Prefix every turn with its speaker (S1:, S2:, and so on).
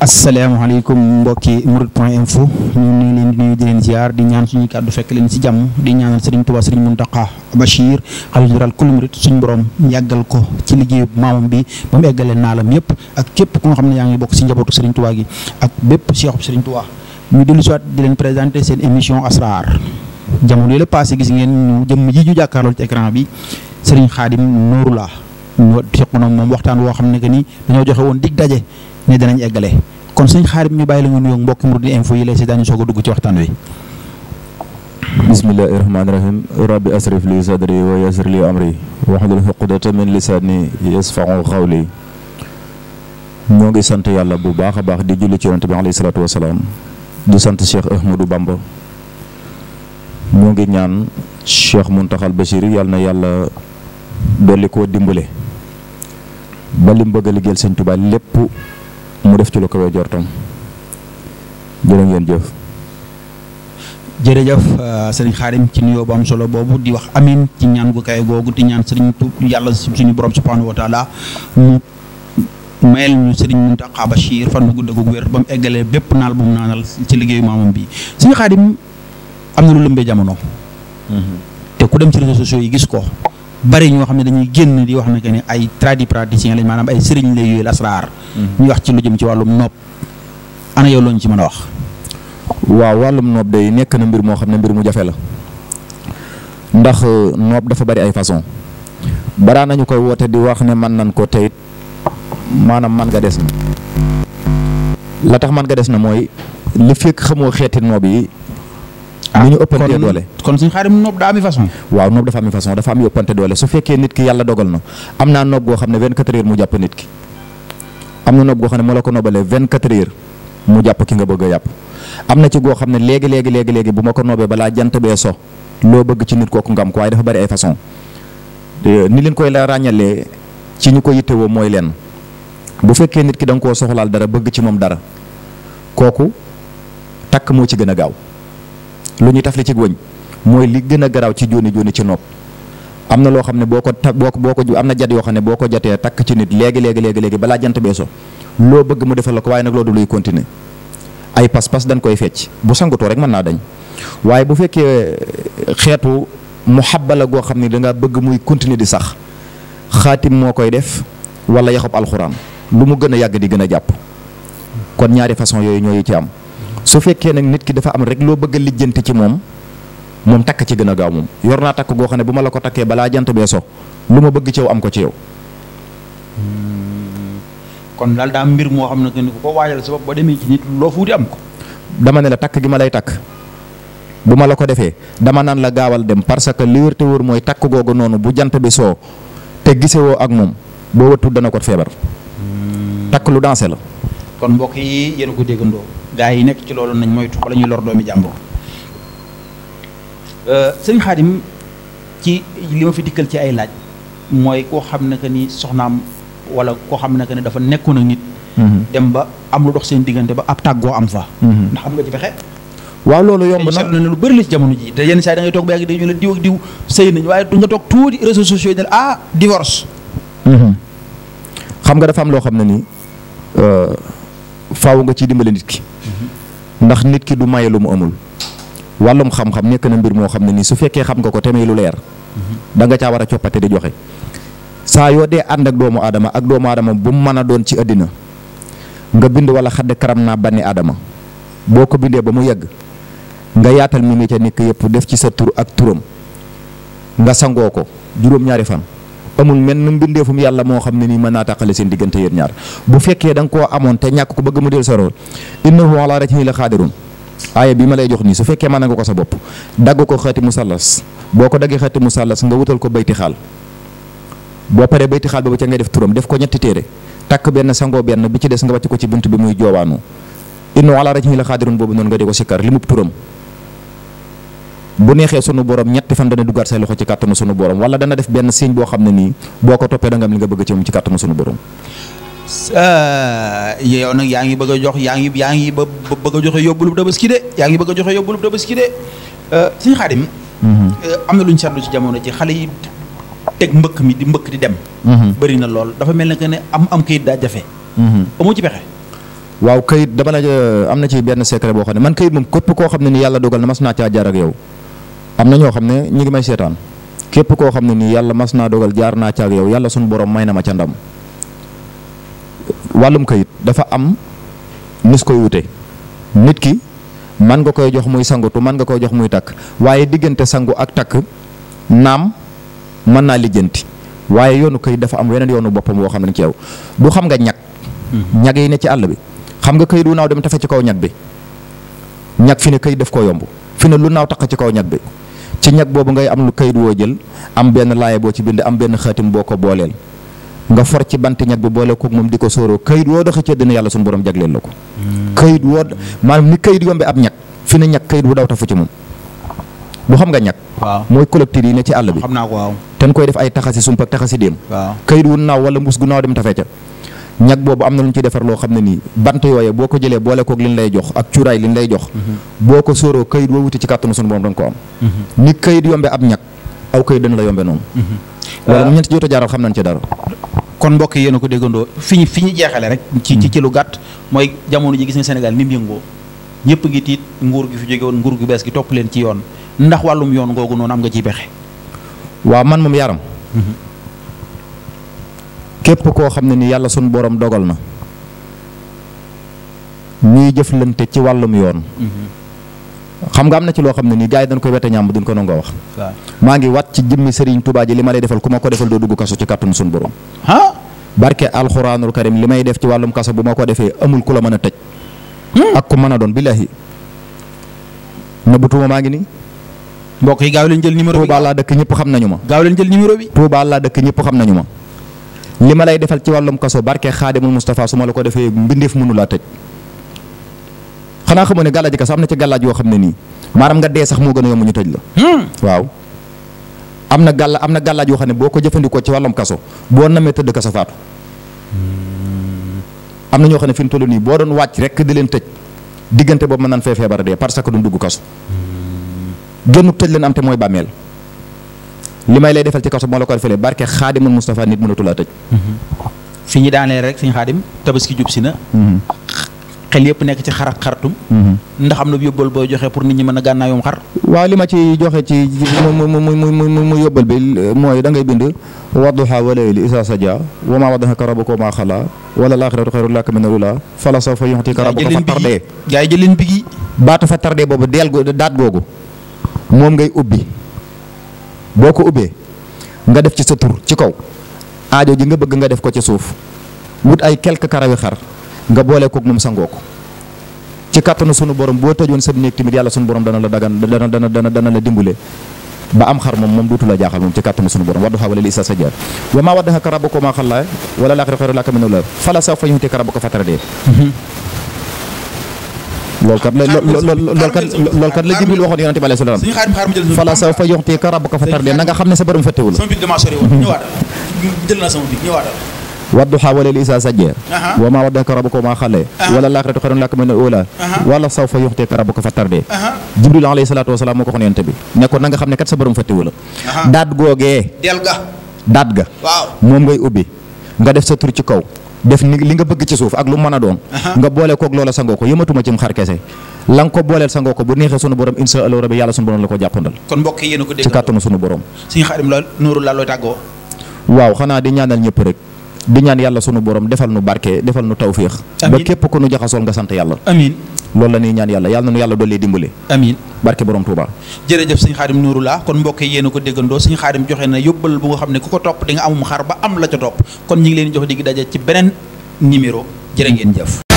S1: asalaamaaleykum mbokki murid point info ñu ngi leen di nuyu di leen ziar di ñaan suñu kàddu fekk leen ci jàmm di ñaanal sëriñ Tuubaa sëriñ Muntaxa Bachir xalifa général kullu murid suñ borom yàggal ko ci liggéeyu maamam bi ba mu eggalee naalam yëpp ak képp ku nga xam ne yaa ngi bokk ci njabootu sëriñ Tuubaa gi ak bépp seexub sëriñ Tuubaa ñu dellu si waat di leen présenter seen émission Asrar jamono yi la passé gis ngeen ñu jëmm ji ñu jàkkaarloo ci écran bi sëriñ Xaadim Nooru la ñu seqoon waxtaan woo xam ne que ni dañoo joxe woon dig daje ni danañ eggale kon sëñ xaarim ñu bàyyi la nga nuyoog mbokki Mouride Info yi lay si daañu soog a dugg ci waxtaan wi. bismillahi rahmaani rahim rabbi asrif li sadri wa yasir li amri waxlul xuqdata min lisaani yasfaxu xawli ñoo ngi sant yàlla bu baax a baax di julli ci yonent bi alayhi salaatu wasalaam di sant Cheikh Ahmadou Bamba ñoo ngi ñaan Cheikh Muntaxal Bachir yàlla na yàlla dolli koo dimbale ba li mu bëgg a lépp mu def ci lu kawe jortam jërë ngeen jëf. jërëjëf uh, sëriñ Xaadim ci nuyoo bu am solo boobu di wax amin ci ñaan gu kawe googu di ñaan sëriñ tu yàlla suñu borom subhaanahu wa taala mu mayel ñu sëriñ Muntaxa Bachir fan bu gudd ak wér ba mu eggalee bépp naal bu mu naanal ci liggéeyu maamam bi suñu Xaadim am na lu lëmbee jamono. Mm-hmm. te ku dem ci réseaux sociaux yi gis ko. bari ñoo xam ne dañuy génn di wax ne que ne ay tradipraticiens lañ maanaam ay sëriñ lay yooyu asraar hmm. ñuy wax ci lu jëm ci wàllum nopp ana yow looñu ci mën a wax waaw wàllum noob day nekk na mbir moo xam ne mbir mu jafe la ndax euh, noob dafa bari ay façon baraa nañu koy woote di wax ne man nan koo teyit maanaam man nga des na la tax man nga des na mooy li fekk xamoo xeeti noob yi ni ah, ñu ëppantee doole kon suñu xaarim noob daa ami façon waaw noob dafa ami façon dafa am ëppante doole su fekkee nit ki yàlla dogal na am naa noob goo xam ne 24 heures mu jàpp nit ki am na noob goo xam ne moo la ko noobalee 24 heures mu jàpp ki nga bëgg a yàpp am na ci goo xam ne léegi léegi léegi léegi bu ma ko noobee balaa jant bee so loo bëgg ci nit kooku nga am ko waaye dafa bari ay façon ni leen koy la ràññalee ci ñu ko woo mooy leen bu fekkee nit ki danga koo soxlaal dara bëgg ci moom dara kooku takk moo ci gën a gaaw lu ñuy ñu tafli ci wëñ mooy li gën a garaaw ci jóoni jóoni ci nopp am na loo xam ne boo ko ta boo ko boo ko am na jat yoo xam ne boo ko jatee takk ci nit léegi léegi léegi léegi balaa jant bee so loo bëgg mu defal la ko waaye nag loolu du luy continuer ay pas-pas dañ koy fecc bu sangutoo rek mën naa dañ waaye bu fekkee eh, xeetu mu la goo xam ne dangaa bëgg muy continuer di sax xaatim moo koy def wala yaxub alxuraan lu mu gën a yàgg di gën a jàpp kon ñaari façon yooyu ñooyu ci am su fekkee nag nit ki dafa am rek loo bëgg lijjant ci moom moom takk ci gën a gaaw moom yor naa takk goo xam ne bu ma la ko takkee balaa jant bee so lu ma bëgg ci am ko ci yow. Hmm. kon daal daa mbir moo xam ne que sa bopp ba demee ci am ko. dama ne takk gi ma lay takk bu ma la ko defee dama naan la gaawal dem parce que li wër wër mooy takk googu noonu bu jant bi soo te gisewoo ak moom boo wëttu dana ko feebar. Hmm. takk lu dansé la. kon mbokk yi yéen a ko déggandoo. gaa yi nekk ci loolu nañ moytu wala ñuy lor doomi jàmbur euh, sëñ Xaadim ci li ma fi dikkal ci ay laaj mooy koo xam ne que ni soxnaam wala koo xam ne ka ni dafa nekkoon ak nit. Mhm. dem ba am lu dox seen diggante ba ak tàggoo am fa. Mhm. ndax am nga ci fexe. waaw loolu yomb na lu bëri la ci jamono ji te yenn saa yi da ngay toog ba yàgg dañu la diw ak diw sëy nañ waaye du nga toog tuuti réseaux sociaux yi ne ah divorce. Mhm. xam nga dafa am loo xam ne nii euh, faaw nga ciy dimbale nit ki. ndax nit ki du maye lu mu amul wàllum xam-xam nekk na mbir moo xam ne nii su fekkee xam nga ko te may lu leer da nga caa war a coppate di joxe saa yoo dee ànd ak doomu aadama ak doomu adama bu mu mën a doon ci àddina nga bind wala xadd karam naa banni aadama boo ko bindee ba mu yegg nga yaatal mi mi ca nekk yëpp def ci sa tur ak turam nga sangoo ko juróom-ñaari fan. amul menn mbindeefum yàlla moo xam ne nii naa tàqale seen diggante yéen ñaar bu fekkee da nga koo amoon te ñàkk ko bëgg mu del saroo innahu ala rajhi la xaadirun aaya ma lay jox nii su fekkee mën nga ko sa bopp dagg ko xeeti musallas boo ko daggee xeeti musallas nga wutal ko bayti xaal boo paree bayti xaal boobu ca ngay def turam def ko ñetti téere takk benn sangoo benn bi ci des nga wàcc ko ci bunt bi muy joowaanu innahu ala rajhi la xaadirun boobu noonu nga di ko sikkar li mub bu neexee sunu borom ñetti fan dana duggaat say loxo ci kàttanu sunu borom wala dana def benn signe boo xam ne nii boo ko toppee da nga am li nga bëgg ci moom ci kàttanu sunu borom. Ah, yow nag yaa ngi bëgg a jox yaa ngi yaa ngi ba bëgg a joxe yóbbulub tabaski de yaa ngi bëgg a joxe yóbbulub tabaski de ah, suñu xaadim mhm. ah, am na luñ ñu ci jamono ci xale yi teg mbëkk mi di mbëkk di dem. Mhm. bëri na lool dafa mel ne que ne am am kayit daa jafe. Mhm. amoo ci pexe. waaw kayit dama la am na ci benn secret boo xam ne man kayit moom koo xam ne ni yàlla dogal na mas naa caa jaar yow. am na ñoo xam ne ñu ngi may seetaan képp koo xam ne nii yàlla mas naa dogal jaar naa ca ak yow yàlla suñu borom may na ma ca ndam wàllum kayit dafa am nis koy wute nit ki man nga koy jox muy sangutu man nga koy jox muy takk waaye diggante sangu ak takk naam mën naa lijjanti waaye yoonu kayit dafa am weneen yoonu boppam woo xam ne ci yow du xam nga ñag mm-hmm. ñag yi ne ci àll bi xam nga kayit wu naaw dem tafe ci kaw ñag bi ñag fi ne kayit daf koo yomb fi lu naaw taq ci kaw ñag bi ci ñag boobu ngay am lu kayit woo jël am benn laaya boo ci bind am benn xaatim boo ko booleel nga for ci bant ñag bi boole kook moom di ko sooroo kayit woo doxee ca dina yàlla suñu borom jagleel la ko. Hmm. kayit woo maanaam ni kayit yombe ab ñag fi ne ñag kayit bu daw tafu ci moom. bu xam nga ñag. waaw mooy collecteur yi ne ci àll bi. xam naa ko waaw. koy def ay taxasi sump ak taxasi déem. waaw kayit wu naaw wala mbuus gu naaw dem tafee ca ñag bobu am luñ lu ñu ci defar loo xam ne nii bant yooye boo ko jëlee liñ lay jox ak ciuray liñ lay jox boko ko kayit woo wuti ci kàttanu sun borom dañ ko am ni kayit yombé ab ñak aw kayit dañ la yombé non wala mu ñeenti jot jaaral ci dara kon mbokk yi a ko déggandoo fiñ ñu fi rek ci ci ci lu gatt moy jamono ji gis ni Sénégal ñepp gi nguur gi fi jóge won nguur gi bës gi top leen ci yoon ndax walum yoon gogu non am nga ci bexé wa man mom yaram mhm. képp koo xam ne ni yàlla sunu borom dogal na ñuy jëflante ci wàllum yoon. Mm-hmm. xam nga am na ci loo xam ne ni gars yi dañ koy wete ñàmb duñ ko nangoo wax. maa ngi wat ci jëmmi Serigne Touba ji li ma lay defal ku ma ko dugg kaso ci kàttanu sunu borom. ah. barke alxuraanul karim li may def ci wàllum kaso bu ma ko defee amul ku la mën a tëj. Hmm? ak mën a doon billahi. nëbbutuma maa ngi nii. mbokk yi gaaw leen jël numéro bi Touba laa dëkk ñëpp xam nañu ma. gaaw leen xam nañu ma. li ma lay defal ci wàllum kaso barke xaadimul Moustapha su ma la ko defee mbindeef mënu laa tëj xanaa xamoo ne gàllaaj kaso am na ci gàllaaj yoo xam ne nii maanaam nga dee sax moo gën a yomb ñu tëj la. Hmm. waaw am na gàlla am na gàllaaj yoo xam ne boo ko jëfandikoo ci wàllum kaso boo namee tëdd kaso faatu. Hmm. am na ñoo xam ne fi mu toll nii boo doon wàcc rek di leen tëj diggante boobu mën naan fee feebar dee parce que duñ dugg kaso. Hmm. génn tëj leen am te mooy bàmmeel. limay lay defal ci kaw sa mo la ko defale barke khadim mustafa nit mënatu la tëj. fiñu ñu rek suñu khadim tabaski jub si xel yëpp nek ci xara ak xartum. ndax amna yóbbal boy joxe pour nit ñi mëna ganna gànnaayoom xar. wa lima ci joxe ci mu mu mu mu mu yóbbal bi moy da ngay bind. wadduha wa layli isa saja wa ma waddahaka rabbuka ma khala xalaa wala laaxiratu xayrun lak min l fala sawfa yu'tiika karabuka fa tardé jay yi jëleen bigi batu fa tardee boobu deel dat googu mom ngay ubbi. boo ko ubbee nga def ci sa tur ci kaw aajo ji nga bëgg nga def ko ci suuf wut ay quelque karawi xar nga boole kook moom sa ngook ci kàttanu sunu borom boo tëjoon sa néeg tamit yàlla sunu borom dana la dagan dana dana dana dana la dimbule ba am xar moom moom duutu la jaaxal moom ci kàttanu sunu borom wadduha wala lisa sa jaar wa maa waddaxaka rabuka maa xallaa wala laaxira xayru laka mina ula fala sawfa yu'tika rabuka fatarda mhm. loolu kat la la Jibril waxoon yonente bi alayhi salaam fala saw fa yuxtika rabbuka fatarda na nga xam ne sa borom fàttewul sama bit dama sori woon ñëwaatal jël naa sama bit ñëwaatal wadduhaa wa maa wadda'aka rabbuka wa maa xalaa wala laaxiratu xayrun laka mina al-uulaa wala saw fa yuxtika rabbuka fatarda ko waxoon yonente bi ne ko na nga xam ne kat sa borom fàttewul daat googee ga daat ga moom ngay ubbi nga def sa tur ci kaw def li nga bëgg ci suuf ak lu mën a doon nga boole koog loola sangoo ko yëmatuma cim xar kese la nga ko booleel sangoo ko bu neexee sunu borom insha allah rabbi yàlla sunu borom la ko jàppandal kon mbokk a ko dégg ci kàttanu sunu borom suñu xaadim la nuuru la looy tàggoo waaw xanaa di ñaanal ñëpp rek di ñaan yàlla sunu borom defal nu barke defal nu tawféex ba képp ku nu jaxasool nga sant yàlla loolu la ñuy ñaan yàlla yàlla nañu yàlla dolli dimbali amiin barke borom Touba jërëjëf sëñ xaadim nuuru laa kon mbokk yi yéen ko déggandoo sëñ xaadim joxe na yóbbal bu nga xam ne ku ko topp di nga amum xar ba am la ca topp kon ñi leen jox digg daje ci beneen numéro jërë ngeen jëf